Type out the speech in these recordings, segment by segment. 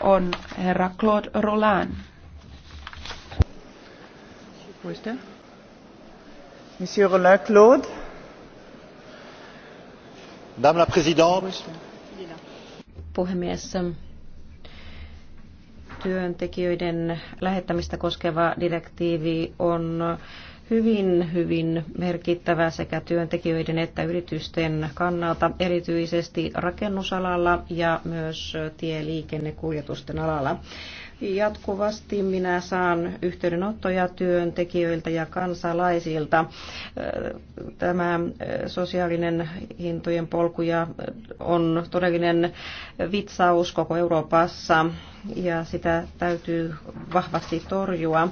on herra Claude Roland. Monsieur Roland Claude. Madame la Présidente. Puhemies, työntekijöiden lähettämistä koskeva direktiivi on hyvin, hyvin merkittävä sekä työntekijöiden että yritysten kannalta, erityisesti rakennusalalla ja myös tieliikennekuljetusten alalla. Jatkuvasti minä saan yhteydenottoja työntekijöiltä ja kansalaisilta. Tämä sosiaalinen hintojen polkuja on todellinen vitsaus koko Euroopassa ja sitä täytyy vahvasti torjua.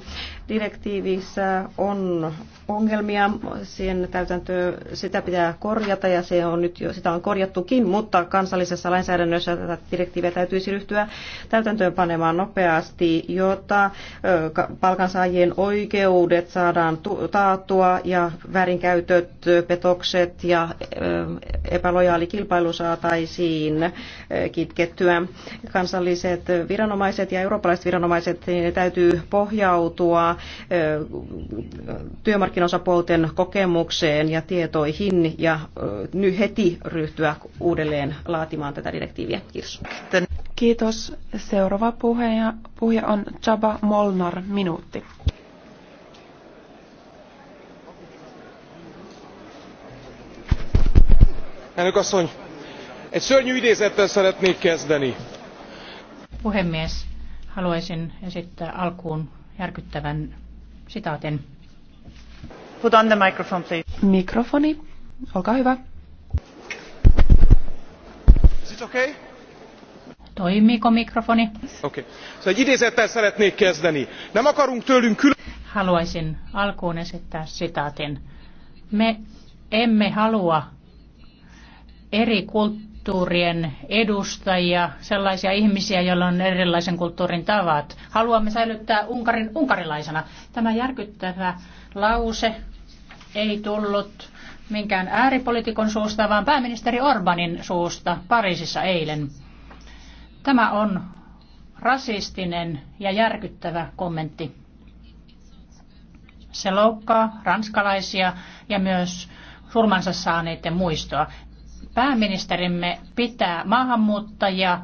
Direktiivissä on ongelmia, sen täytäntöä, sitä pitää korjata ja se on nyt jo, sitä on korjattukin, mutta kansallisessa lainsäädännössä tätä direktiiviä täytyisi ryhtyä täytäntöön panemaan nopeaa nopeasti, jotta palkansaajien oikeudet saadaan taattua ja värinkäytöt, petokset ja epälojaali kilpailu saataisiin kitkettyä. Kansalliset viranomaiset ja eurooppalaiset viranomaiset niin ne täytyy pohjautua työmarkkinosapuolten kokemukseen ja tietoihin ja nyt heti ryhtyä uudelleen laatimaan tätä direktiiviä. Kiitos. Kiitos. Seuraava puhuja, puhuja on Chaba Molnar, minuutti. Elnök asszony, egy szörnyű idézettel szeretnék kezdeni. Puhemies, haluaisin esittää alkuun järkyttävän sitaatin. Put on the microphone, please. Mikrofoni, olkaa hyvä. Is it okay? Toimiiko mikrofoni? Okei. Okay. Egy idézettel szeretnék kezdeni. Nem akarunk tőlünk külön... Haluaisin alkuun esittää sitaatin. Me emme halua eri kulttuurien edustajia, sellaisia ihmisiä, joilla on erilaisen kulttuurin tavat. Haluamme säilyttää Unkarin unkarilaisena. Tämä järkyttävä lause ei tullut minkään ääripolitiikon suusta, vaan pääministeri Orbanin suusta Pariisissa eilen. Tämä on rasistinen ja järkyttävä kommentti. Se loukkaa ranskalaisia ja myös surmansa saaneiden muistoa. Pääministerimme pitää maahanmuuttajia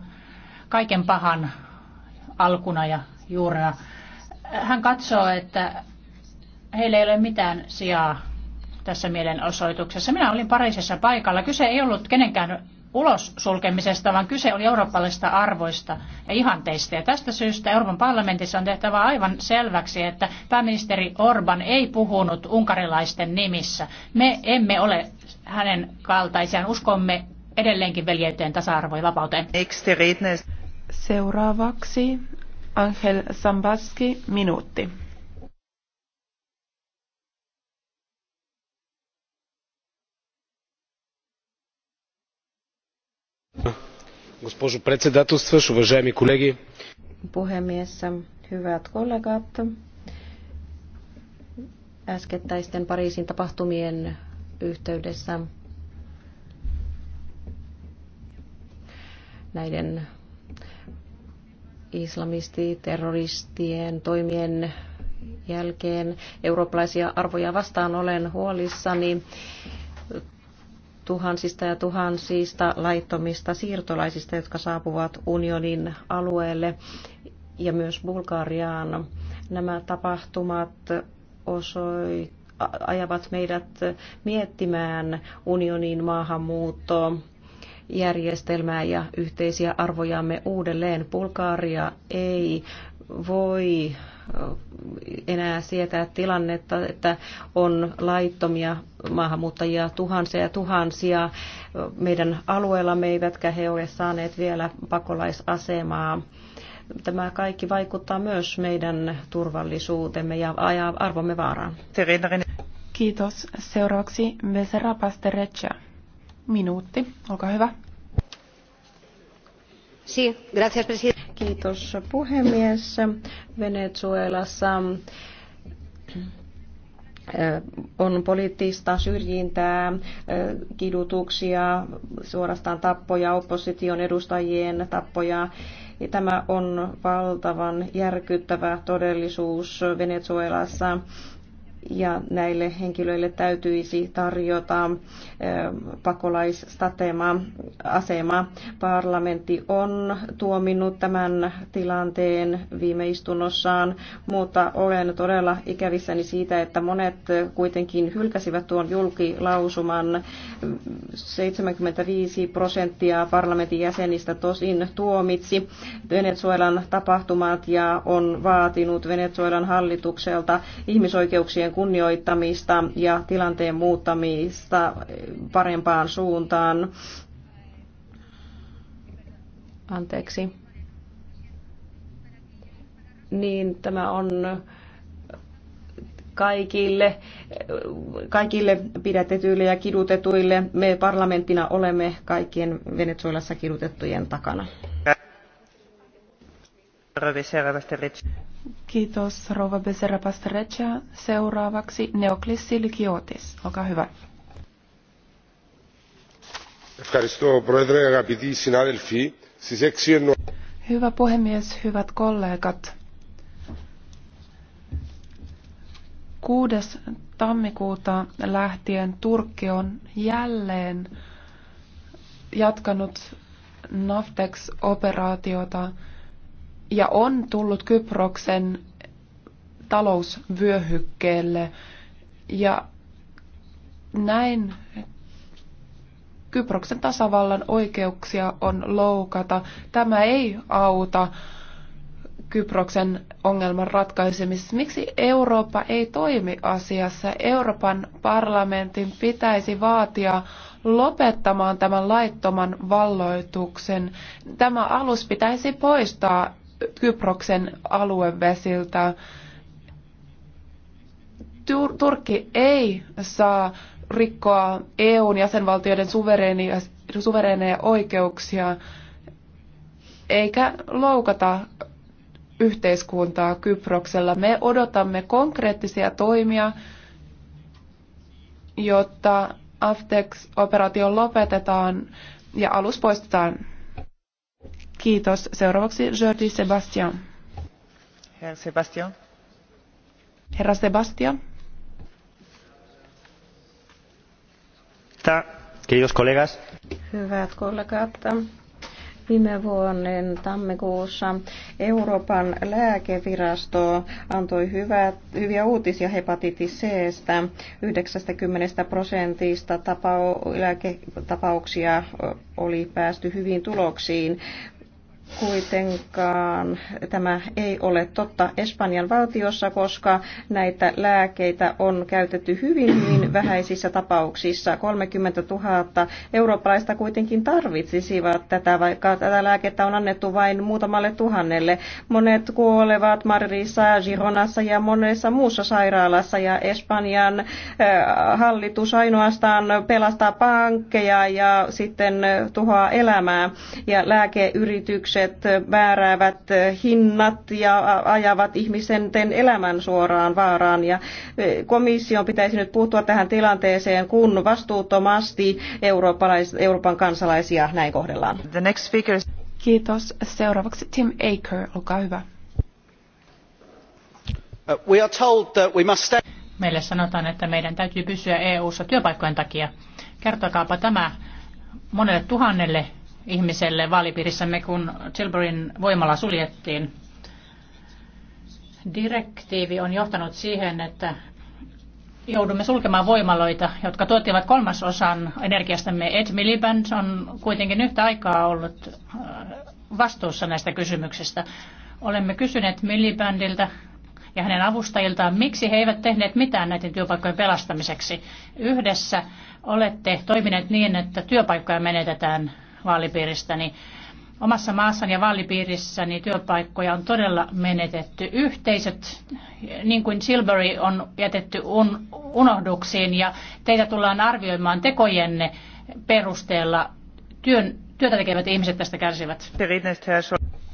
kaiken pahan alkuna ja juurena. Hän katsoo, että heillä ei ole mitään sijaa tässä mielenosoituksessa. Minä olin Pariisissa paikalla. Kyse ei ollut kenenkään ulos sulkemisesta, vaan kyse oli eurooppalaisista arvoista ja ihanteista. Ja tästä syystä Euroopan parlamentissa on tehtävä aivan selväksi, että pääministeri Orban ei puhunut unkarilaisten nimissä. Me emme ole hänen kaltaisiaan. Uskomme edelleenkin veljeyteen, tasa-arvoon ja vapauteen. Seuraavaksi Angel Sambaski, minuutti. госпожо председателстващ, уважаеми колеги. Puhemies, hyvät kollegat. Äskettäisten Pariisin tapahtumien yhteydessä näiden islamistiterroristien toimien jälkeen eurooppalaisia arvoja vastaan olen huolissani tuhansista ja tuhansista laittomista siirtolaisista, jotka saapuvat unionin alueelle ja myös Bulgariaan. Nämä tapahtumat osoittavat ajavat meidät miettimään unionin maahanmuuttoa järjestelmää ja yhteisiä arvojamme uudelleen. Bulgaria ei voi enää sietää tilannetta, että on laittomia maahanmuuttajia tuhansia ja tuhansia meidän me eivätkä he ole saaneet vielä pakolaisasemaa tämä kaikki vaikuttaa myös meidän turvallisuutemme ja arvomme vaaraan. Kiitos. Seuraavaksi Vesera Pastereccia. Minuutti, olkaa hyvä. Kiitos puhemies. Venezuelassa eh, on poliittista syrjintää, eh, kidutuksia, suorastaan tappoja, opposition edustajien tappoja. Tämä on valtavan järkyttävä todellisuus Venezuelassa ja näille henkilöille täytyisi tarjota pakolaisstatema, asema. Parlamentti on tuominnut tämän tilanteen viime istunnossaan, mutta olen todella ikävissäni siitä, että monet kuitenkin hylkäsivät tuon julkilausuman. 75 prosenttia parlamentin jäsenistä tosin tuomitsi Venezuelan tapahtumat ja on vaatinut Venezuelan hallitukselta ihmisoikeuksien ihmisoikeuksien kunnioittamista ja tilanteen muuttamista parempaan suuntaan. Anteeksi. Niin tämä on kaikille, kaikille pidätetyille ja kidutetuille. Me parlamenttina olemme kaikkien Venezuelassa kidutettujen takana. Kiitos rouva Besera Pasterecha. Seuraavaksi Neoklis Silikiotis. Olkaa hyvä. Hyvä puhemies, hyvät kollegat. 6. tammikuuta lähtien Turkki on jälleen jatkanut Naftex-operaatiota ja on tullut Kyproksen talousvyöhykkeelle. Ja näin Kyproksen tasavallan oikeuksia on loukata. Tämä ei auta Kyproksen ongelman ratkaisemisessa. Miksi Eurooppa ei toimi asiassa? Euroopan parlamentin pitäisi vaatia lopettamaan tämän laittoman valloituksen. Tämä alus pitäisi poistaa Kyproksen aluevesiltä. Tur- Turkki ei saa rikkoa EUn jäsenvaltioiden suvereeneja oikeuksia eikä loukata yhteiskuntaa Kyproksella. Me odotamme konkreettisia toimia, jotta Aftex-operaatio lopetetaan ja alus poistetaan Kiitos. Seuraavaksi Jordi Sebastian. Herra Sebastian. Herra Sebastian. Kiitos kollegas. Hyvät kollegat, viime vuoden tammikuussa Euroopan lääkevirasto antoi hyvät, hyviä uutisia hepatitis C-stä. 90 prosentista tapau, lääketapauksia oli päästy hyvin tuloksiin kuitenkaan tämä ei ole totta Espanjan valtiossa, koska näitä lääkeitä on käytetty hyvin, hyvin vähäisissä tapauksissa. 30 000 eurooppalaista kuitenkin tarvitsisivat tätä, vaikka tätä lääkettä on annettu vain muutamalle tuhannelle. Monet kuolevat Marissa, Gironassa ja monessa muussa sairaalassa ja Espanjan äh, hallitus ainoastaan pelastaa pankkeja ja sitten tuhoaa elämää ja lääkeyritykset yritykset määräävät hinnat ja ajavat ihmisen elämän suoraan vaaraan. Ja e, komission pitäisi nyt puuttua tähän tilanteeseen, kun vastuuttomasti Euroopan kansalaisia näin kohdellaan. The next Kiitos. Seuraavaksi Tim Aker, olkaa hyvä. Uh, we are told that we must stay... Meille sanotaan, että meidän täytyy pysyä EU-ssa työpaikkojen takia. Kertokaapa tämä monelle tuhannelle ihmiselle vaalipiirissämme, kun Tilburyn voimala suljettiin. Direktiivi on johtanut siihen, että joudumme sulkemaan voimaloita, jotka tuottivat kolmasosan energiastamme. Ed Miliband on kuitenkin yhtä aikaa ollut äh, vastuussa näistä kysymyksistä. Olemme kysyneet Milibandilta ja hänen avustajiltaan, miksi he eivät tehneet mitään näiden työpaikkojen pelastamiseksi. Yhdessä olette toimineet niin, että työpaikkoja menetetään vaalipiiristäni. Omassa maassani ja vaalipiirissäni työpaikkoja on todella menetetty. Yhteisöt, niin kuin Silbury on jätetty un, unohduksiin ja teitä tullaan arvioimaan tekojenne perusteella. Työn, työtä tekevät ihmiset tästä kärsivät.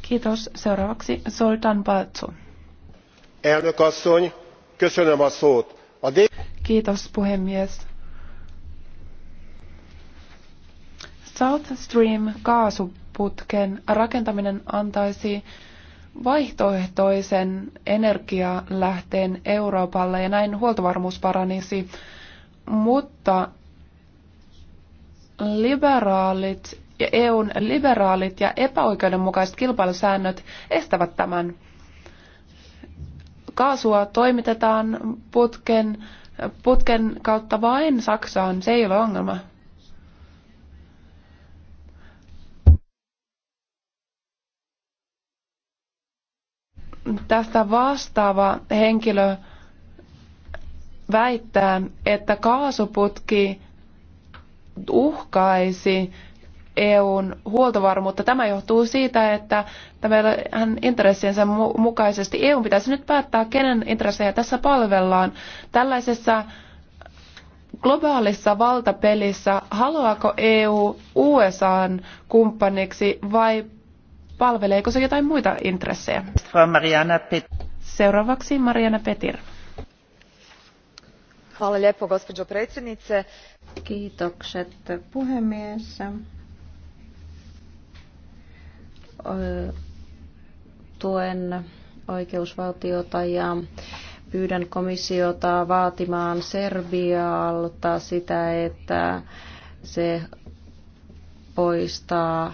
Kiitos. Seuraavaksi Zoltan Balco. Kiitos puhemies. South Stream kaasuputken rakentaminen antaisi vaihtoehtoisen energialähteen Euroopalle ja näin huoltovarmuus paranisi, mutta liberaalit ja EUn liberaalit ja epäoikeudenmukaiset kilpailusäännöt estävät tämän. Kaasua toimitetaan putken, putken kautta vain Saksaan, se ei ole ongelma. tästä vastaava henkilö väittää, että kaasuputki uhkaisi EUn huoltovarmuutta. Tämä johtuu siitä, että hän intressiensä mukaisesti EU pitäisi nyt päättää, kenen intressejä tässä palvellaan. Tällaisessa globaalissa valtapelissä, haluaako EU USAn kumppaniksi vai Palveleeko se jotain muita intressejä? Mariana Pet- Seuraavaksi Mariana Petir. Hvala lijepo, gospođo predsjednice. Kiitokset puhemies tuen oikeusvaltiota ja pyydän komissiota vaatimaan Serbialta sitä, että se poistaa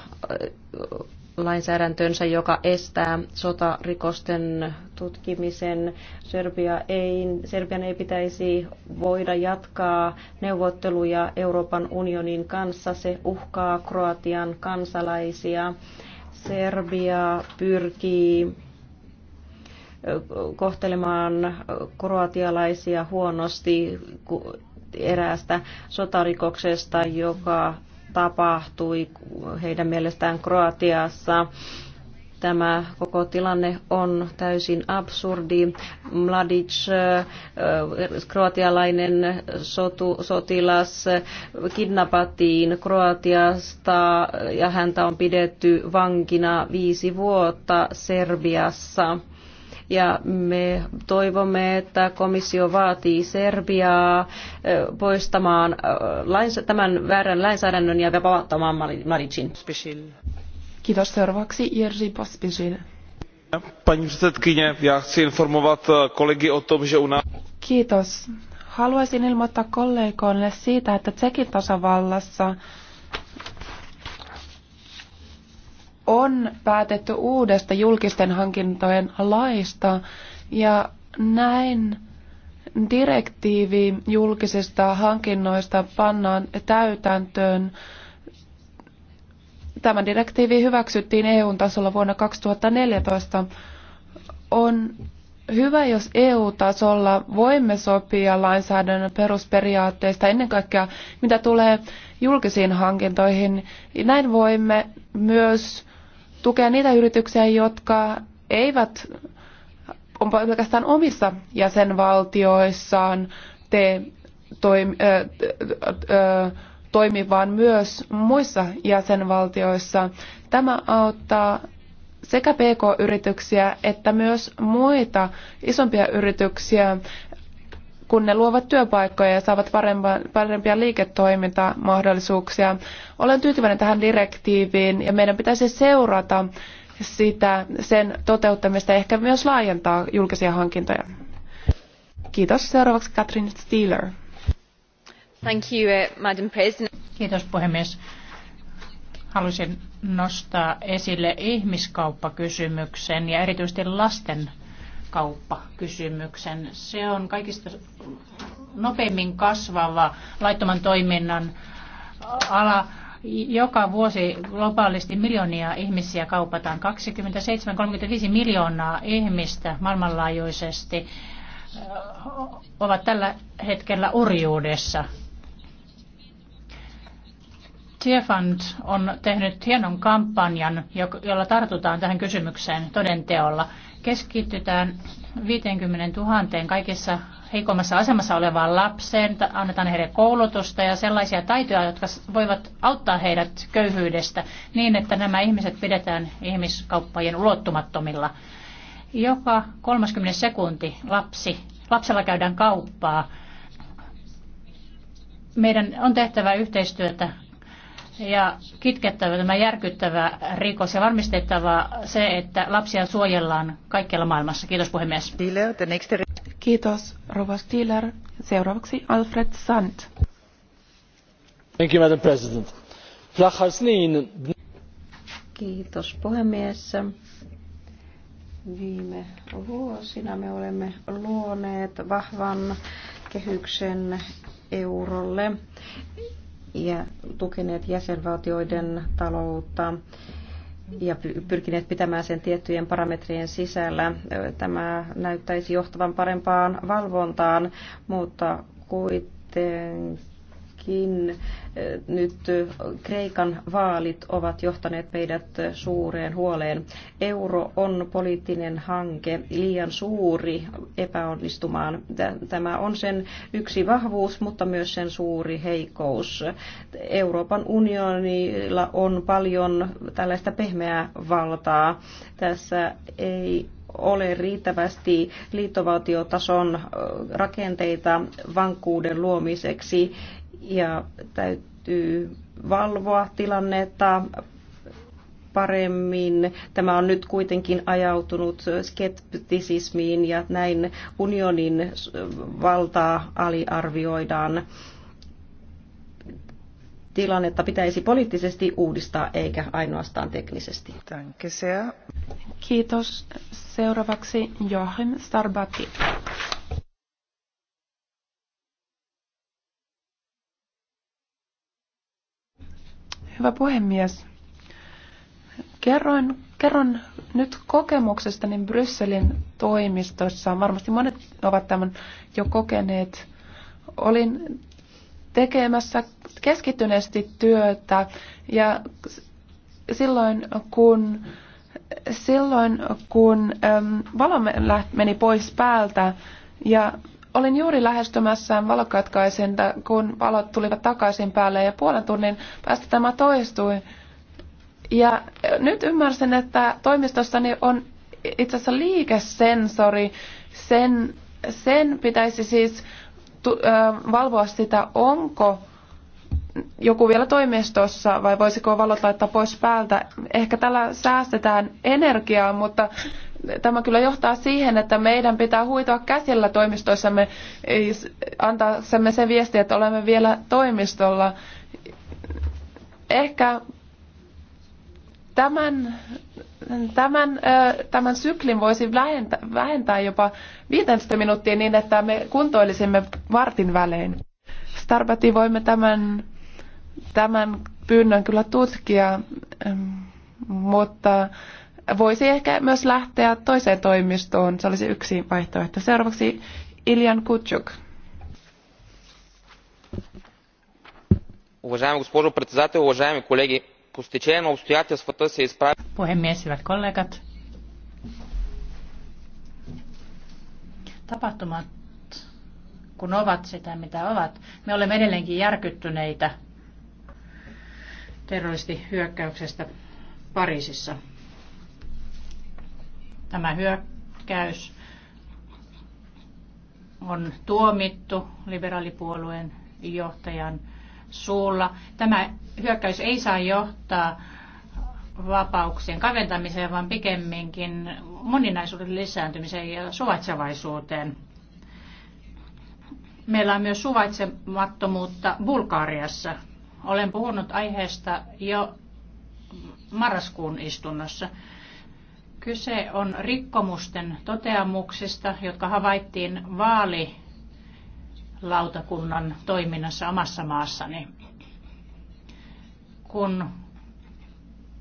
lainsäädäntönsä, joka estää sotarikosten tutkimisen. Serbia ei, Serbian ei pitäisi voida jatkaa neuvotteluja Euroopan unionin kanssa. Se uhkaa Kroatian kansalaisia. Serbia pyrkii kohtelemaan kroatialaisia huonosti eräästä sotarikoksesta, joka tapahtui heidän mielestään Kroatiassa. Tämä koko tilanne on täysin absurdi. Mladic, kroatialainen sotu, sotilas, kidnappattiin Kroatiasta ja häntä on pidetty vankina viisi vuotta Serbiassa ja me toivomme, että komissio vaatii Serbiaa poistamaan tämän väärän lainsäädännön ja vapauttamaan Maricin. Kiitos seuraavaksi Jerzy Pospisil. informovat e, Kiitos. Haluaisin ilmoittaa kollegoille siitä, että Tsekin tasavallassa on päätetty uudesta julkisten hankintojen laista ja näin direktiivi julkisista hankinnoista pannaan täytäntöön. Tämä direktiivi hyväksyttiin EUn tasolla vuonna 2014. On hyvä, jos EU-tasolla voimme sopia lainsäädännön perusperiaatteista, ennen kaikkea mitä tulee julkisiin hankintoihin. Näin voimme myös tukea niitä yrityksiä, jotka eivät on pelkästään omissa jäsenvaltioissaan tee toim, ö, ö, toimi, vaan myös muissa jäsenvaltioissa. Tämä auttaa sekä PK-yrityksiä että myös muita isompia yrityksiä, kun ne luovat työpaikkoja ja saavat parempia liiketoimintamahdollisuuksia. Olen tyytyväinen tähän direktiiviin ja meidän pitäisi seurata sitä, sen toteuttamista ja ehkä myös laajentaa julkisia hankintoja. Kiitos. Seuraavaksi Katrin Steeler. Thank you, eh, Madam President. Kiitos puhemies. Haluaisin nostaa esille ihmiskauppakysymyksen ja erityisesti lasten kauppakysymyksen. Se on kaikista nopeimmin kasvava laittoman toiminnan ala. Joka vuosi globaalisti miljoonia ihmisiä kaupataan, 27-35 miljoonaa ihmistä maailmanlaajuisesti ovat tällä hetkellä urjuudessa. Tiefand on tehnyt hienon kampanjan, jolla tartutaan tähän kysymykseen todenteolla. Keskitytään 50 000 kaikissa heikommassa asemassa olevaan lapseen, annetaan heille koulutusta ja sellaisia taitoja, jotka voivat auttaa heidät köyhyydestä niin, että nämä ihmiset pidetään ihmiskauppajien ulottumattomilla. Joka 30 sekunti lapsi, lapsella käydään kauppaa. Meidän on tehtävä yhteistyötä ja kitkettävä tämä järkyttävä rikos ja varmistettava se, että lapsia suojellaan kaikkialla maailmassa. Kiitos puhemies. Kiitos Rova Stiller. Seuraavaksi Alfred Sand. Thank you, Madam President. Kiitos puhemies. Viime vuosina me olemme luoneet vahvan kehyksen eurolle ja tukeneet jäsenvaltioiden taloutta ja pyrkineet pitämään sen tiettyjen parametrien sisällä. Tämä näyttäisi johtavan parempaan valvontaan, mutta kuitenkin Kuitenkin eh, nyt eh, Kreikan vaalit ovat johtaneet meidät eh, suureen huoleen. Euro on poliittinen hanke, liian suuri epäonnistumaan. Tämä on sen yksi vahvuus, mutta myös sen suuri heikous. Euroopan unionilla on paljon tällaista pehmeää valtaa. Tässä ei ole riittävästi liittovaltiotason rakenteita vankkuuden luomiseksi ja täytyy valvoa tilannetta paremmin. Tämä on nyt kuitenkin ajautunut skeptisismiin ja näin unionin valtaa aliarvioidaan. Tilannetta pitäisi poliittisesti uudistaa eikä ainoastaan teknisesti. Kiitos. Seuraavaksi Johan Starbatti. Hyvä puhemies. Kerroin, kerron nyt kokemuksestani Brysselin toimistossa. Varmasti monet ovat tämän jo kokeneet. Olin tekemässä keskittyneesti työtä ja silloin kun silloin kun äm, valo meni pois päältä ja Olin juuri lähestymässä valokatkaisinta, kun valot tulivat takaisin päälle ja puolen tunnin päästä tämä toistui. Ja nyt ymmärsin, että toimistossani on itse asiassa liikesensori. Sen, sen pitäisi siis tu, ö, valvoa sitä, onko joku vielä toimistossa vai voisiko valot laittaa pois päältä. Ehkä tällä säästetään energiaa, mutta tämä kyllä johtaa siihen, että meidän pitää huitoa käsillä toimistoissamme, antaaksemme sen viesti, että olemme vielä toimistolla. Ehkä tämän, tämän, tämän syklin voisi vähentää, vähentää jopa 15 minuuttia niin, että me kuntoilisimme vartin välein. Starbati voimme tämän, tämän pyynnön kyllä tutkia, mutta voisi ehkä myös lähteä toiseen toimistoon. Se olisi yksi vaihtoehto. Seuraavaksi Iljan Kutsuk. Puhemies, hyvät kollegat. Tapahtumat, kun ovat sitä, mitä ovat, me olemme edelleenkin järkyttyneitä terroristihyökkäyksestä Pariisissa. Tämä hyökkäys on tuomittu liberaalipuolueen johtajan suulla. Tämä hyökkäys ei saa johtaa vapauksien kaventamiseen, vaan pikemminkin moninaisuuden lisääntymiseen ja suvaitsevaisuuteen. Meillä on myös suvaitsemattomuutta Bulgaariassa. Olen puhunut aiheesta jo marraskuun istunnossa. Kyse on rikkomusten toteamuksista, jotka havaittiin vaalilautakunnan toiminnassa omassa maassani. Kun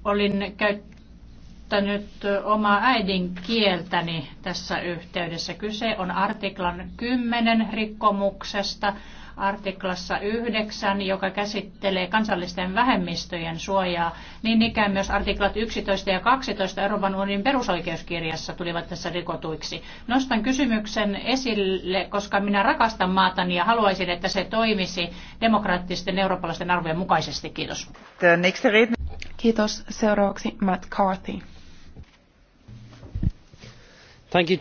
olin käyttänyt omaa äidinkieltäni tässä yhteydessä, kyse on artiklan 10 rikkomuksesta – artiklassa 9, joka käsittelee kansallisten vähemmistöjen suojaa. Niin ikään myös artiklat 11 ja 12 Euroopan unionin perusoikeuskirjassa tulivat tässä rikotuiksi. Nostan kysymyksen esille, koska minä rakastan maatani ja haluaisin, että se toimisi demokraattisten eurooppalaisten arvojen mukaisesti. Kiitos. Kiitos. Seuraavaksi Matt Carthy. Thank you.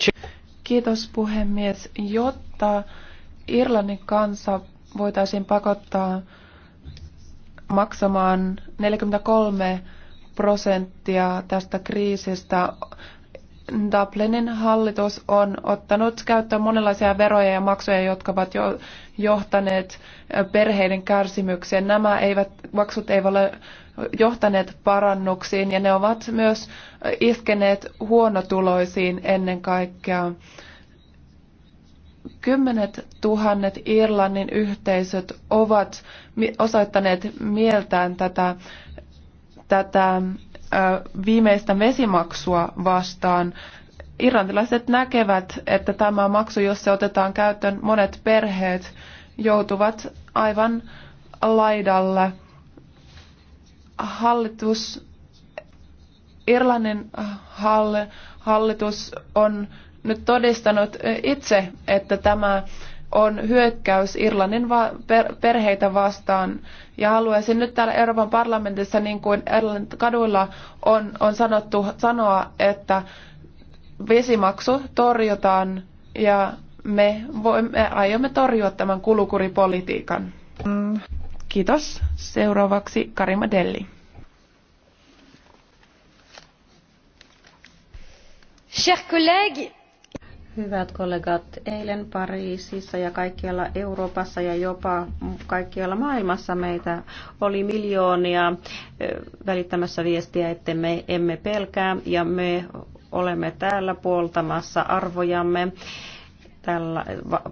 Kiitos puhemies. Jotta Irlannin kansa voitaisiin pakottaa maksamaan 43 prosenttia tästä kriisistä. Dublinin hallitus on ottanut käyttöön monenlaisia veroja ja maksuja, jotka ovat jo johtaneet perheiden kärsimykseen. Nämä eivät, maksut eivät ole johtaneet parannuksiin ja ne ovat myös iskeneet huonotuloisiin ennen kaikkea. Kymmenet tuhannet Irlannin yhteisöt ovat osoittaneet mieltään tätä, tätä viimeistä vesimaksua vastaan. Irlantilaiset näkevät, että tämä maksu, jos se otetaan käyttöön, monet perheet joutuvat aivan laidalle. Hallitus, Irlannin hallitus on nyt todistanut itse, että tämä on hyökkäys Irlannin perheitä vastaan. Ja haluaisin nyt täällä Euroopan parlamentissa, niin kuin Irlannin kaduilla on, on sanottu, sanoa, että vesimaksu torjutaan ja me, voimme, aiomme torjua tämän kulukuripolitiikan. Kiitos. Seuraavaksi Karima Delli. Chers collègues, Hyvät kollegat, eilen Pariisissa ja kaikkialla Euroopassa ja jopa kaikkialla maailmassa meitä oli miljoonia välittämässä viestiä, että me emme pelkää ja me olemme täällä puoltamassa arvojamme tällä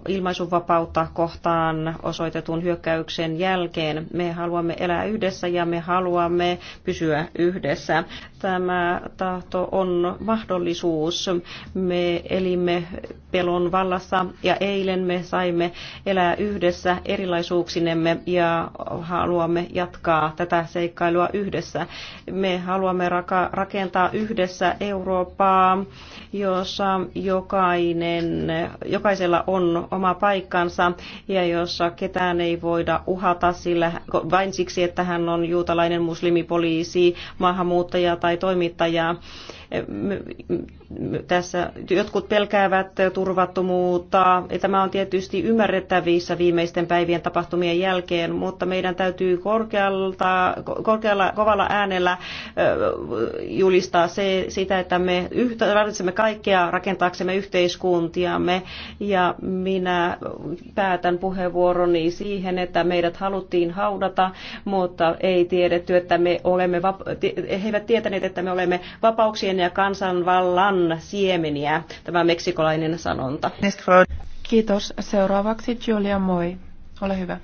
ilmaisuvapautta kohtaan osoitetun hyökkäyksen jälkeen. Me haluamme elää yhdessä ja me haluamme pysyä yhdessä tämä tahto on mahdollisuus. Me elimme pelon vallassa ja eilen me saimme elää yhdessä erilaisuuksinemme ja haluamme jatkaa tätä seikkailua yhdessä. Me haluamme rakentaa yhdessä Eurooppaa, jossa jokainen, jokaisella on oma paikkansa ja jossa ketään ei voida uhata sillä vain siksi, että hän on juutalainen muslimipoliisi, maahanmuuttaja tai tai toimittajaa tässä jotkut pelkäävät turvattomuutta. Tämä on tietysti ymmärrettävissä viimeisten päivien tapahtumien jälkeen, mutta meidän täytyy korkealta, korkealla, kovalla äänellä julistaa se, sitä, että me tarvitsemme kaikkea rakentaaksemme yhteiskuntiamme. Ja minä päätän puheenvuoroni siihen, että meidät haluttiin haudata, mutta ei tiedetty, että me olemme, he eivät tietäneet, että me olemme vapauksien ja kansanvallan siemeniä, tämä meksikolainen sanonta. Kiitos. Seuraavaksi Julia Moi. Ole hyvä.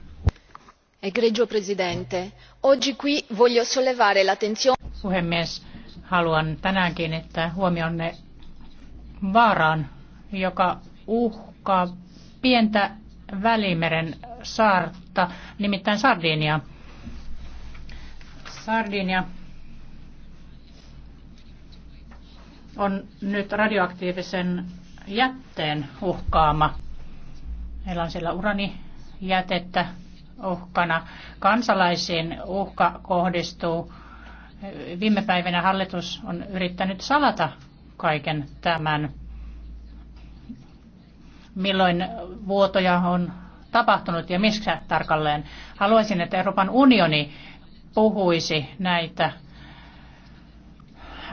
Egregio presidente, oggi qui voglio sollevare l'attenzione... Puhemies, haluan tänään kiinnittää huomionne vaaraan, joka uhkaa pientä Välimeren saarta, nimittäin Sardinia. Sardinia on nyt radioaktiivisen jätteen uhkaama. Meillä on siellä uranijätettä uhkana. Kansalaisiin uhka kohdistuu. Viime päivinä hallitus on yrittänyt salata kaiken tämän. Milloin vuotoja on tapahtunut ja missä tarkalleen. Haluaisin, että Euroopan unioni puhuisi näitä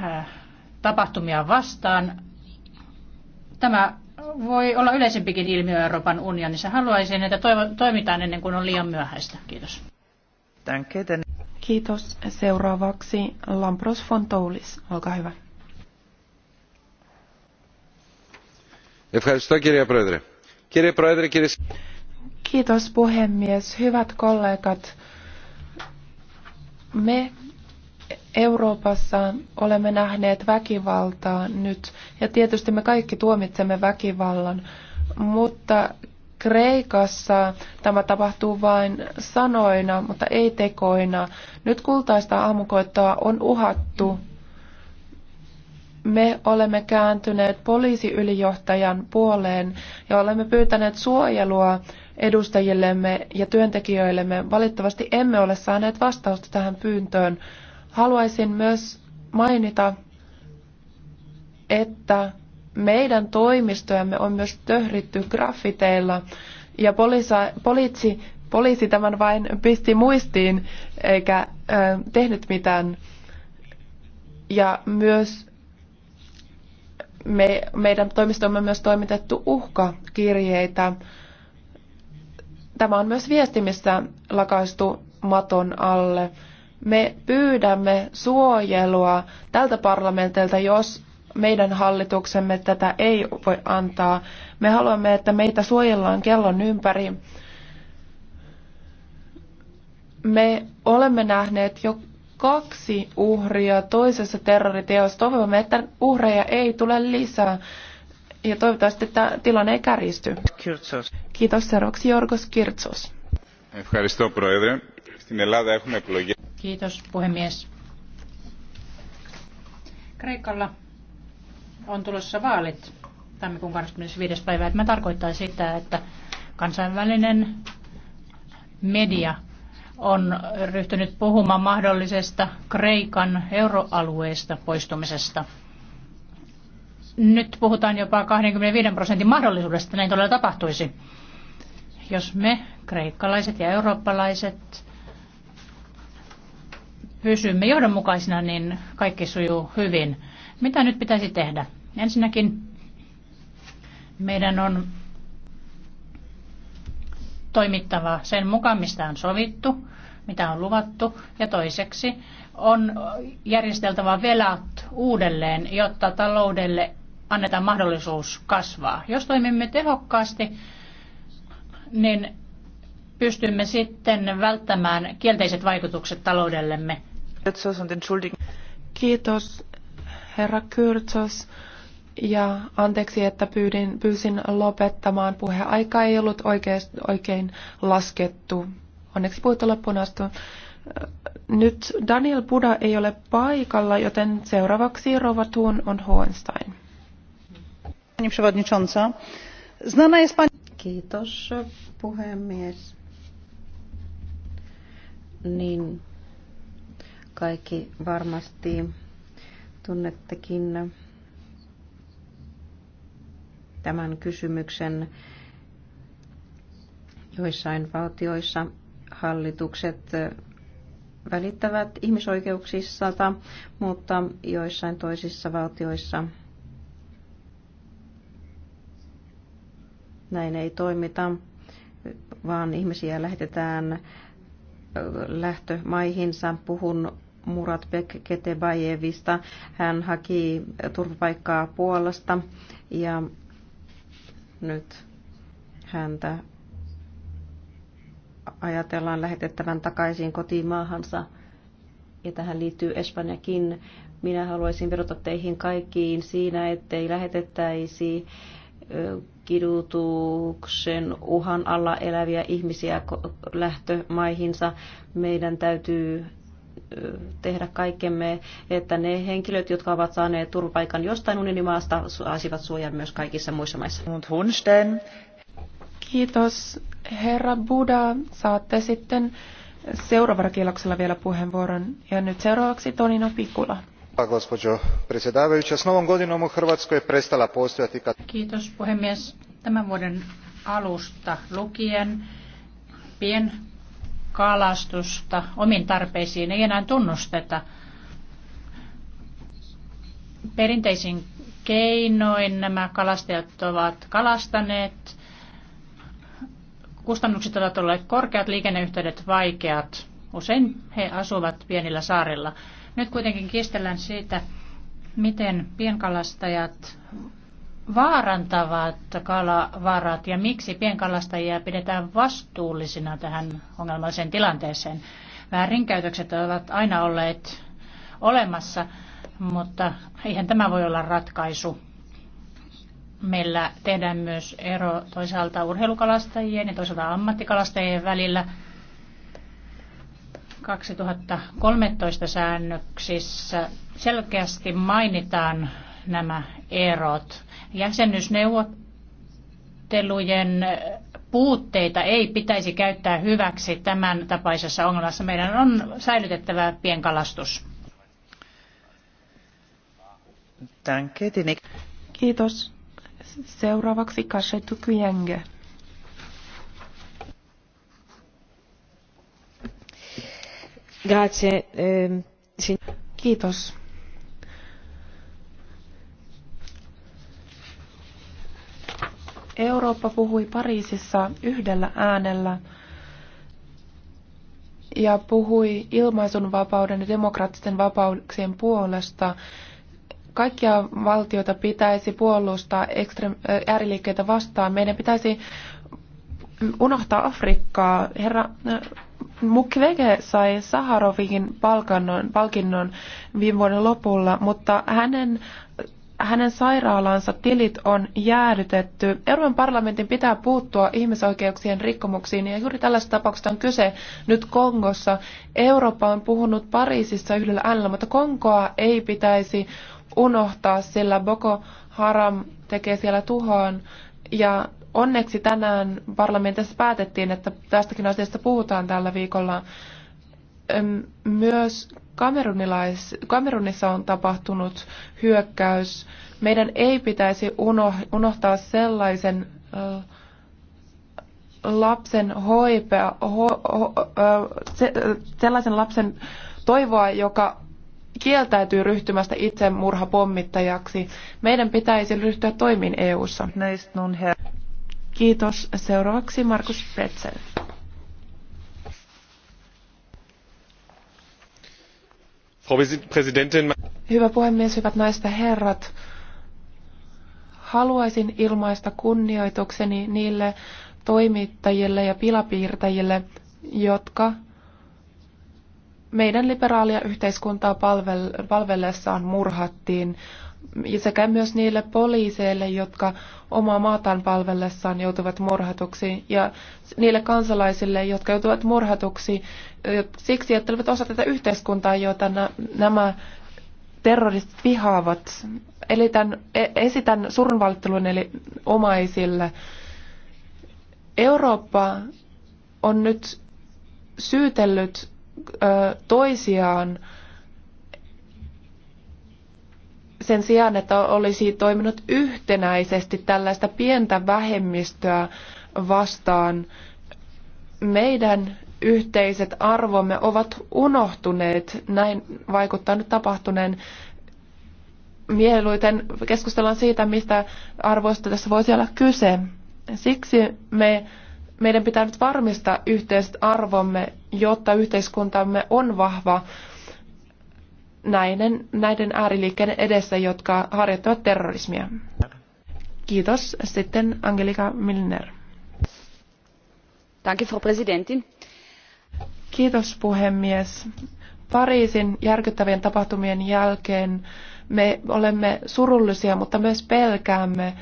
äh, tapahtumia vastaan. Tämä voi olla yleisempikin ilmiö Euroopan unionissa. Haluaisin, että toivo, toimitaan ennen kuin on liian myöhäistä. Kiitos. Kiitos. Seuraavaksi Lampros Fontoulis. Olkaa hyvä. Kiitos puhemies. Hyvät kollegat, me Euroopassa olemme nähneet väkivaltaa nyt, ja tietysti me kaikki tuomitsemme väkivallan, mutta Kreikassa tämä tapahtuu vain sanoina, mutta ei tekoina. Nyt kultaista aamukoittoa on uhattu. Me olemme kääntyneet poliisiylijohtajan puoleen ja olemme pyytäneet suojelua edustajillemme ja työntekijöillemme. Valitettavasti emme ole saaneet vastausta tähän pyyntöön. Haluaisin myös mainita, että meidän toimistojamme on myös töhritty graffiteilla ja poliisa, poliitsi, poliisi tämän vain pisti muistiin eikä äh, tehnyt mitään. Ja myös me, meidän toimistomme on myös toimitettu uhkakirjeitä. Tämä on myös missä lakaistu maton alle. Me pyydämme suojelua tältä parlamentilta, jos meidän hallituksemme tätä ei voi antaa. Me haluamme, että meitä suojellaan kellon ympäri. Me olemme nähneet jo kaksi uhria toisessa terroriteossa. Toivomme, että uhreja ei tule lisää. Ja toivottavasti tämä tilanne ei kärjisty. Kirtsos. Kiitos seuraavaksi Jorgos Kirtsos. Ευχαριστώ, Πρόεδρε. Στην Ελλάδα έχουμε εκλογές. Kiitos puhemies. Kreikalla on tulossa vaalit tammikuun 25. päivä. Mä tarkoittaa sitä, että kansainvälinen media on ryhtynyt puhumaan mahdollisesta Kreikan euroalueesta poistumisesta. Nyt puhutaan jopa 25 prosentin mahdollisuudesta, näin todella tapahtuisi. Jos me, kreikkalaiset ja eurooppalaiset, pysymme johdonmukaisina, niin kaikki sujuu hyvin. Mitä nyt pitäisi tehdä? Ensinnäkin meidän on toimittava sen mukaan, mistä on sovittu, mitä on luvattu, ja toiseksi on järjesteltävä velat uudelleen, jotta taloudelle annetaan mahdollisuus kasvaa. Jos toimimme tehokkaasti, niin pystymme sitten välttämään kielteiset vaikutukset taloudellemme. Kiitos, herra Kyrtsos. Ja anteeksi, että pyydin, pyysin lopettamaan. aika ei ollut oikein, oikein laskettu. Onneksi puhutte loppuun asti. Nyt Daniel Buda ei ole paikalla, joten seuraavaksi Rova Thun on Hohenstein. Kiitos puhemies. Niin kaikki varmasti tunnettekin tämän kysymyksen. Joissain valtioissa hallitukset välittävät ihmisoikeuksista, mutta joissain toisissa valtioissa näin ei toimita, vaan ihmisiä lähetetään lähtömaihinsa. Puhun Muratbek Ketebajevista. Hän haki turvapaikkaa Puolasta ja nyt häntä ajatellaan lähetettävän takaisin kotimaahansa. Ja tähän liittyy Espanjakin. Minä haluaisin vedota teihin kaikkiin siinä, ettei lähetettäisi kidutuksen uhan alla eläviä ihmisiä lähtömaihinsa. Meidän täytyy tehdä kaikkemme, että ne henkilöt, jotka ovat saaneet turvapaikan jostain unionimaasta, saisivat suojan myös kaikissa muissa maissa. Kiitos. Herra Buda, saatte sitten seuraavalla kierroksella vielä puheenvuoron. Ja nyt seuraavaksi Tonino Pikula. Kiitos puhemies. Tämän vuoden alusta lukien pien kalastusta omiin tarpeisiin ei enää tunnusteta. Perinteisin keinoin nämä kalastajat ovat kalastaneet. Kustannukset ovat olleet korkeat, liikenneyhteydet vaikeat. Usein he asuvat pienillä saarilla. Nyt kuitenkin kiistellään siitä, miten pienkalastajat vaarantavat kalavarat ja miksi pienkalastajia pidetään vastuullisina tähän ongelmalliseen tilanteeseen? Väärinkäytökset ovat aina olleet olemassa, mutta eihän tämä voi olla ratkaisu. Meillä tehdään myös ero toisaalta urheilukalastajien ja toisaalta ammattikalastajien välillä. 2013 säännöksissä selkeästi mainitaan nämä erot. Jäsennysneuvottelujen puutteita ei pitäisi käyttää hyväksi tämän tapaisessa ongelmassa. Meidän on säilytettävä pienkalastus. Kiitos. Seuraavaksi Kashetu Kyenge. Grazie. Ehm, Kiitos Eurooppa puhui Pariisissa yhdellä äänellä ja puhui ilmaisunvapauden ja demokraattisten vapauksien puolesta. Kaikkia valtioita pitäisi puolustaa ääriliikkeitä vastaan. Meidän pitäisi unohtaa Afrikkaa. Herra Mukwege sai Saharovikin palkinnon viime vuoden lopulla, mutta hänen hänen sairaalansa tilit on jäädytetty. Euroopan parlamentin pitää puuttua ihmisoikeuksien rikkomuksiin ja juuri tällaista tapauksesta on kyse nyt Kongossa. Eurooppa on puhunut Pariisissa yhdellä äänellä, mutta Kongoa ei pitäisi unohtaa, sillä Boko Haram tekee siellä tuhoaan. Ja onneksi tänään parlamentissa päätettiin, että tästäkin asiasta puhutaan tällä viikolla myös kamerunilais, Kamerunissa on tapahtunut hyökkäys. Meidän ei pitäisi unohtaa sellaisen lapsen hoipea, ho, ho, se, sellaisen lapsen toivoa, joka kieltäytyy ryhtymästä itsemurhapommittajaksi. Meidän pitäisi ryhtyä toimiin EU-ssa. Kiitos. Seuraavaksi Markus Pretzel. Hyvä puhemies, hyvät naiset ja herrat. Haluaisin ilmaista kunnioitukseni niille toimittajille ja pilapiirtäjille, jotka meidän liberaalia yhteiskuntaa palvellessaan murhattiin sekä myös niille poliiseille, jotka omaa maataan palvellessaan joutuvat murhatuksi, ja niille kansalaisille, jotka joutuvat murhatuksi siksi, että olivat osa tätä yhteiskuntaa, jota nämä terroristit vihaavat. Eli tämän, e, esitän surunvalttelun eli omaisille. Eurooppa on nyt syytellyt toisiaan sen sijaan, että olisi toiminut yhtenäisesti tällaista pientä vähemmistöä vastaan. Meidän yhteiset arvomme ovat unohtuneet, näin vaikuttaa nyt tapahtuneen. Mieluiten keskustellaan siitä, mistä arvoista tässä voisi olla kyse. Siksi me meidän pitää nyt varmistaa yhteiset arvomme, jotta yhteiskuntamme on vahva näiden, näiden ääriliikkeiden edessä, jotka harjoittavat terrorismia. Kiitos. Sitten Angelika Milner. Danke, Frau Präsidentin. Kiitos puhemies. Pariisin järkyttävien tapahtumien jälkeen me olemme surullisia, mutta myös pelkäämme.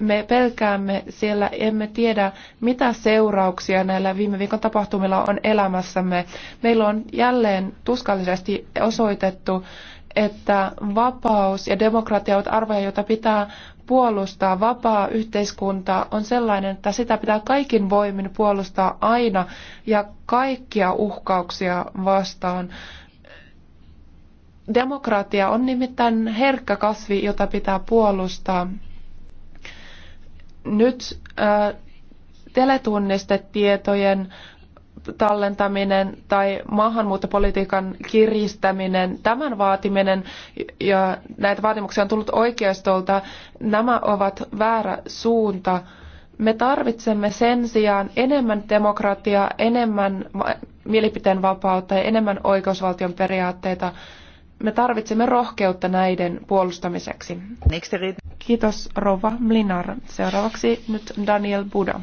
Me pelkäämme siellä, emme tiedä mitä seurauksia näillä viime viikon tapahtumilla on elämässämme. Meillä on jälleen tuskallisesti osoitettu, että vapaus ja demokratia ovat arvoja, joita pitää puolustaa. Vapaa yhteiskunta on sellainen, että sitä pitää kaikin voimin puolustaa aina ja kaikkia uhkauksia vastaan. Demokratia on nimittäin herkkä kasvi, jota pitää puolustaa. Nyt äh, teletunnistetietojen tallentaminen tai maahanmuuttopolitiikan kiristäminen, tämän vaatiminen ja näitä vaatimuksia on tullut oikeistolta, nämä ovat väärä suunta. Me tarvitsemme sen sijaan enemmän demokratiaa, enemmän mielipiteen vapautta ja enemmän oikeusvaltion periaatteita me tarvitsemme rohkeutta näiden puolustamiseksi. Kiitos Rova Mlinar. Seuraavaksi nyt Daniel Buda.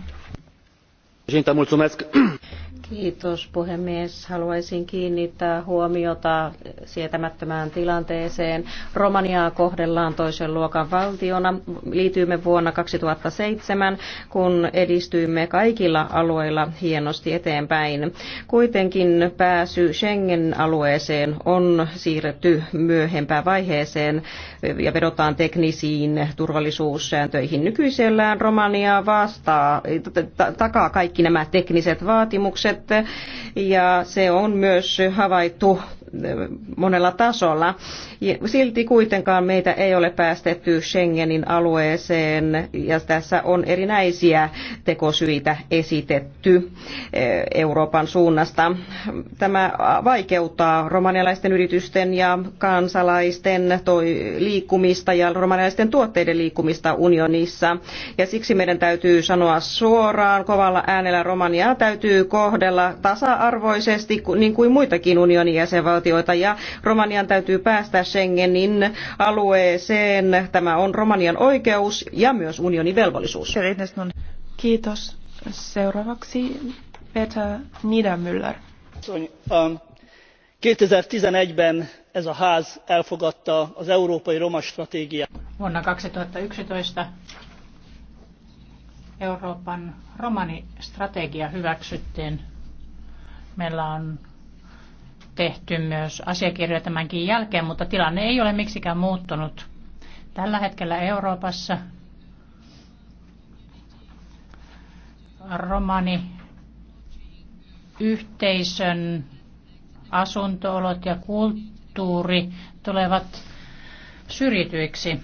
Kiitos puhemies. Haluaisin kiinnittää huomiota sietämättömään tilanteeseen. Romaniaa kohdellaan toisen luokan valtiona. Liityimme vuonna 2007, kun edistyimme kaikilla alueilla hienosti eteenpäin. Kuitenkin pääsy Schengen-alueeseen on siirretty myöhempään vaiheeseen ja vedotaan teknisiin turvallisuussääntöihin. Nykyisellään Romania vastaa, takaa kaikki kaikki nämä tekniset vaatimukset ja se on myös havaittu monella tasolla. Silti kuitenkaan meitä ei ole päästetty Schengenin alueeseen ja tässä on erinäisiä tekosyitä esitetty eh, Euroopan suunnasta. Tämä vaikeuttaa romanialaisten yritysten ja kansalaisten toi liikkumista ja romanialaisten tuotteiden liikkumista unionissa. Ja siksi meidän täytyy sanoa suoraan kovalla äänellä Romaniaa täytyy kohdella tasa-arvoisesti niin kuin muitakin unionin jäsenvaltioita jäsenvaltioita ja Romanian täytyy päästä Schengenin alueeseen. Tämä on Romanian oikeus ja myös unionin velvollisuus. Kiitos. Seuraavaksi Peter Niedermüller. 2011-ben um, ez a ház elfogadta az európai roma stratégiát. Vuonna 2011 Euroopan romani-strategia hyväksyttiin. Meillä on tehty myös asiakirjoja tämänkin jälkeen, mutta tilanne ei ole miksikään muuttunut. Tällä hetkellä Euroopassa romani yhteisön asuntoolot ja kulttuuri tulevat syrjityiksi.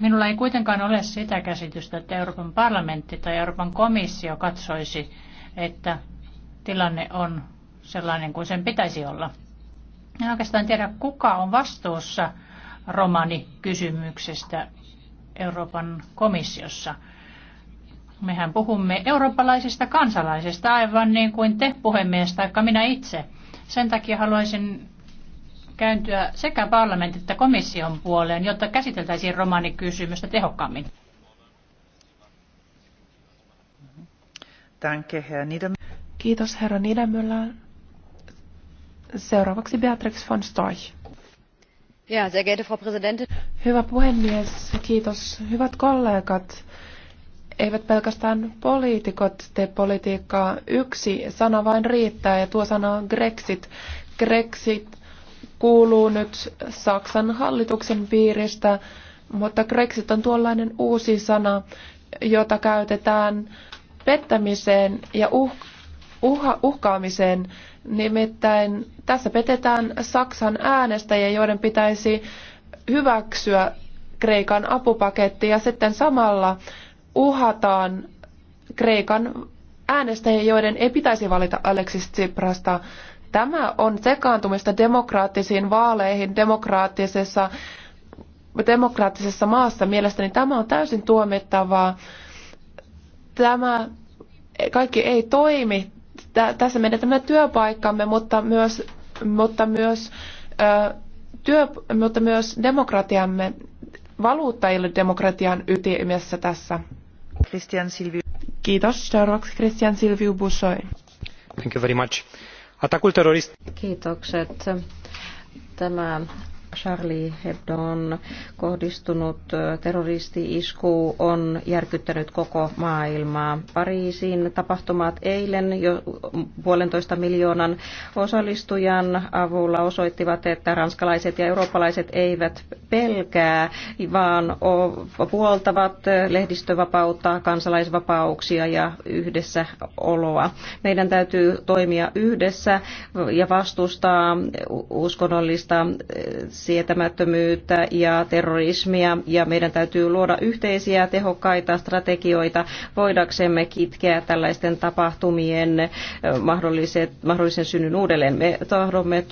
Minulla ei kuitenkaan ole sitä käsitystä, että Euroopan parlamentti tai Euroopan komissio katsoisi että tilanne on sellainen kuin sen pitäisi olla. En oikeastaan tiedä, kuka on vastuussa romanikysymyksestä Euroopan komissiossa. Mehän puhumme eurooppalaisista kansalaisista, aivan niin kuin te puhemies tai minä itse. Sen takia haluaisin kääntyä sekä parlamentin että komission puoleen, jotta käsiteltäisiin romanikysymystä tehokkaammin. Danke, Herr Kiitos, herra Niedermüller. Seuraavaksi Beatrix von Storch. Ja, sehr geehrte Frau Präsidentin. Hyvä puhemies, kiitos. Hyvät kollegat, eivät pelkästään poliitikot tee politiikkaa. Yksi sana vain riittää ja tuo sana on Grexit. Grexit kuuluu nyt Saksan hallituksen piiristä, mutta Grexit on tuollainen uusi sana, jota käytetään pettämiseen ja uh, uh, uhkaamiseen. Nimittäin tässä petetään Saksan äänestäjiä, joiden pitäisi hyväksyä Kreikan apupaketti ja sitten samalla uhataan Kreikan äänestäjiä, joiden ei pitäisi valita Alexis Tsiprasta. Tämä on sekaantumista demokraattisiin vaaleihin demokraattisessa, demokraattisessa maassa. Mielestäni tämä on täysin tuomittavaa tämä kaikki ei toimi. Tässä menetämme työpaikkamme, mutta myös, mutta myös, ö, työ, mutta myös demokratiamme. Valuutta ei ole demokratian ytimessä tässä. Christian Silviu. Kiitos. Seuraavaksi Christian Silviu Busoi. Thank you very much. Atakul terrorist. Kiitokset. Tämä Charlie Hebdon kohdistunut terroristi-isku on järkyttänyt koko maailmaa. Pariisin tapahtumat eilen jo puolentoista miljoonan osallistujan avulla osoittivat, että ranskalaiset ja eurooppalaiset eivät pelkää, vaan puoltavat lehdistövapautta, kansalaisvapauksia ja yhdessä oloa. Meidän täytyy toimia yhdessä ja vastustaa uskonnollista sietämättömyyttä ja terrorismia ja meidän täytyy luoda yhteisiä tehokkaita strategioita voidaksemme kitkeä tällaisten tapahtumien mahdolliset, mahdollisen synnyn uudelleen. Me tahdomme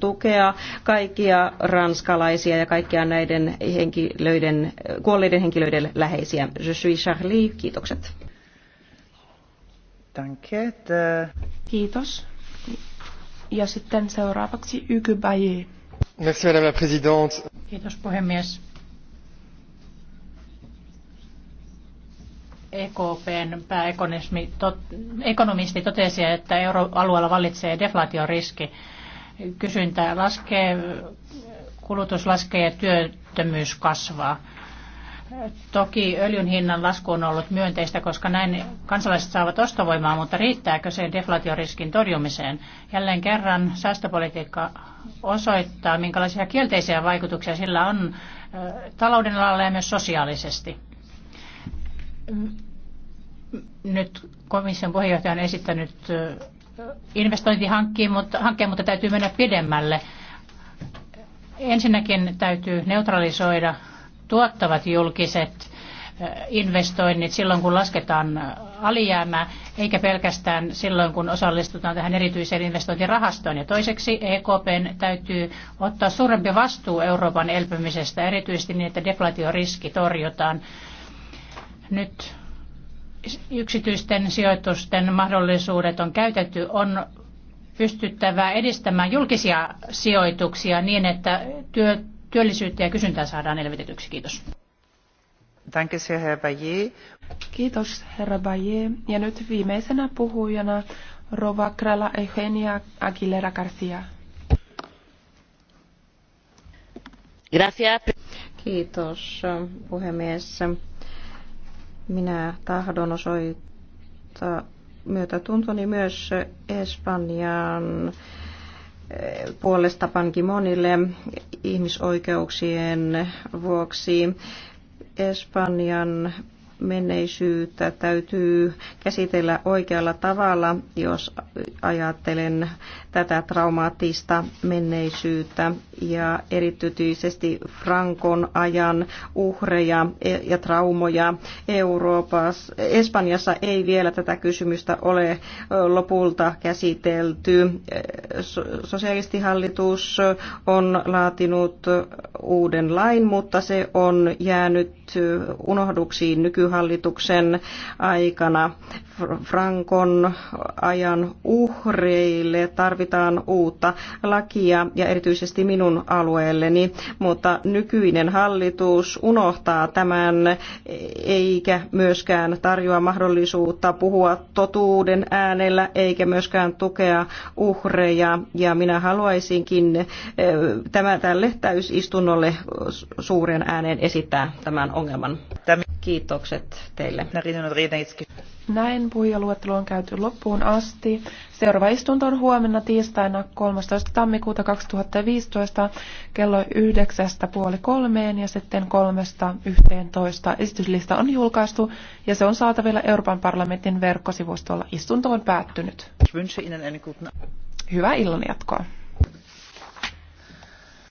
tukea kaikkia ranskalaisia ja kaikkia näiden henkilöiden, kuolleiden henkilöiden läheisiä. Je suis Charlie, kiitokset. Kiitos. Ja sitten seuraavaksi Yky Baye. Merci, madame la présidente. EKPn e pääekonomisti totesi, että euroalueella vallitsee deflaatioriski. Kysyntä laskee, kulutus laskee ja työttömyys kasvaa. Toki öljyn hinnan lasku on ollut myönteistä, koska näin kansalaiset saavat ostovoimaa, mutta riittääkö se deflaatioriskin torjumiseen? Jälleen kerran säästöpolitiikka osoittaa, minkälaisia kielteisiä vaikutuksia sillä on talouden alalla ja myös sosiaalisesti. Nyt komission puheenjohtaja on esittänyt investointihankkeen, mutta, hankkeen, mutta täytyy mennä pidemmälle. Ensinnäkin täytyy neutralisoida tuottavat julkiset investoinnit silloin, kun lasketaan alijäämää, eikä pelkästään silloin, kun osallistutaan tähän erityiseen investointirahastoon. Ja toiseksi EKP täytyy ottaa suurempi vastuu Euroopan elpymisestä, erityisesti niin, että deflaatioriski torjutaan. Nyt yksityisten sijoitusten mahdollisuudet on käytetty, on pystyttävää edistämään julkisia sijoituksia niin, että työt työllisyyttä ja kysyntää saadaan elvytetyksi. Kiitos. Kiitos, herra Baye. Ja nyt viimeisenä puhujana Rova Krala Eugenia Aguilera Garcia. Kiitos, puhemies. Minä tahdon osoittaa myötätuntoni myös Espanjan puolesta monille ihmisoikeuksien vuoksi. Espanjan menneisyyttä täytyy käsitellä oikealla tavalla, jos ajattelen tätä traumaattista menneisyyttä ja erityisesti Frankon ajan uhreja ja traumoja Euroopassa. Espanjassa ei vielä tätä kysymystä ole lopulta käsitelty. Sosialistihallitus on laatinut uuden lain, mutta se on jäänyt unohduksiin nykyhallituksen aikana. Frankon ajan uhreille tarvitaan uutta lakia ja erityisesti minun alueelleni, mutta nykyinen hallitus unohtaa tämän eikä myöskään tarjoa mahdollisuutta puhua totuuden äänellä eikä myöskään tukea uhreja ja minä haluaisinkin eh, tämä tälle täysistunnolle suuren äänen esittää tämän ongelman ongelman. Kiitokset teille. Näin puhujaluettelu on käyty loppuun asti. Seuraava istunto on huomenna tiistaina 13. tammikuuta 2015 kello 9.30 ja sitten 3.11. Esityslista on julkaistu ja se on saatavilla Euroopan parlamentin verkkosivustolla. Istunto on päättynyt. Hyvää illanjatkoa.